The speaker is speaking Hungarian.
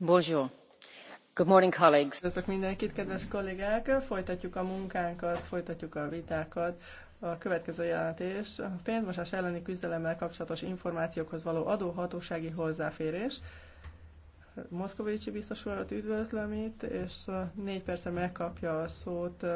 Üdvözlök mindenkit, kedves kollégák! Folytatjuk a munkánkat, folytatjuk a vitákat. A következő jelentés a pénzmosás elleni küzdelemmel kapcsolatos információkhoz való adóhatósági hozzáférés. Moszkovicsi biztos urat üdvözlöm itt, és négy percre megkapja a szót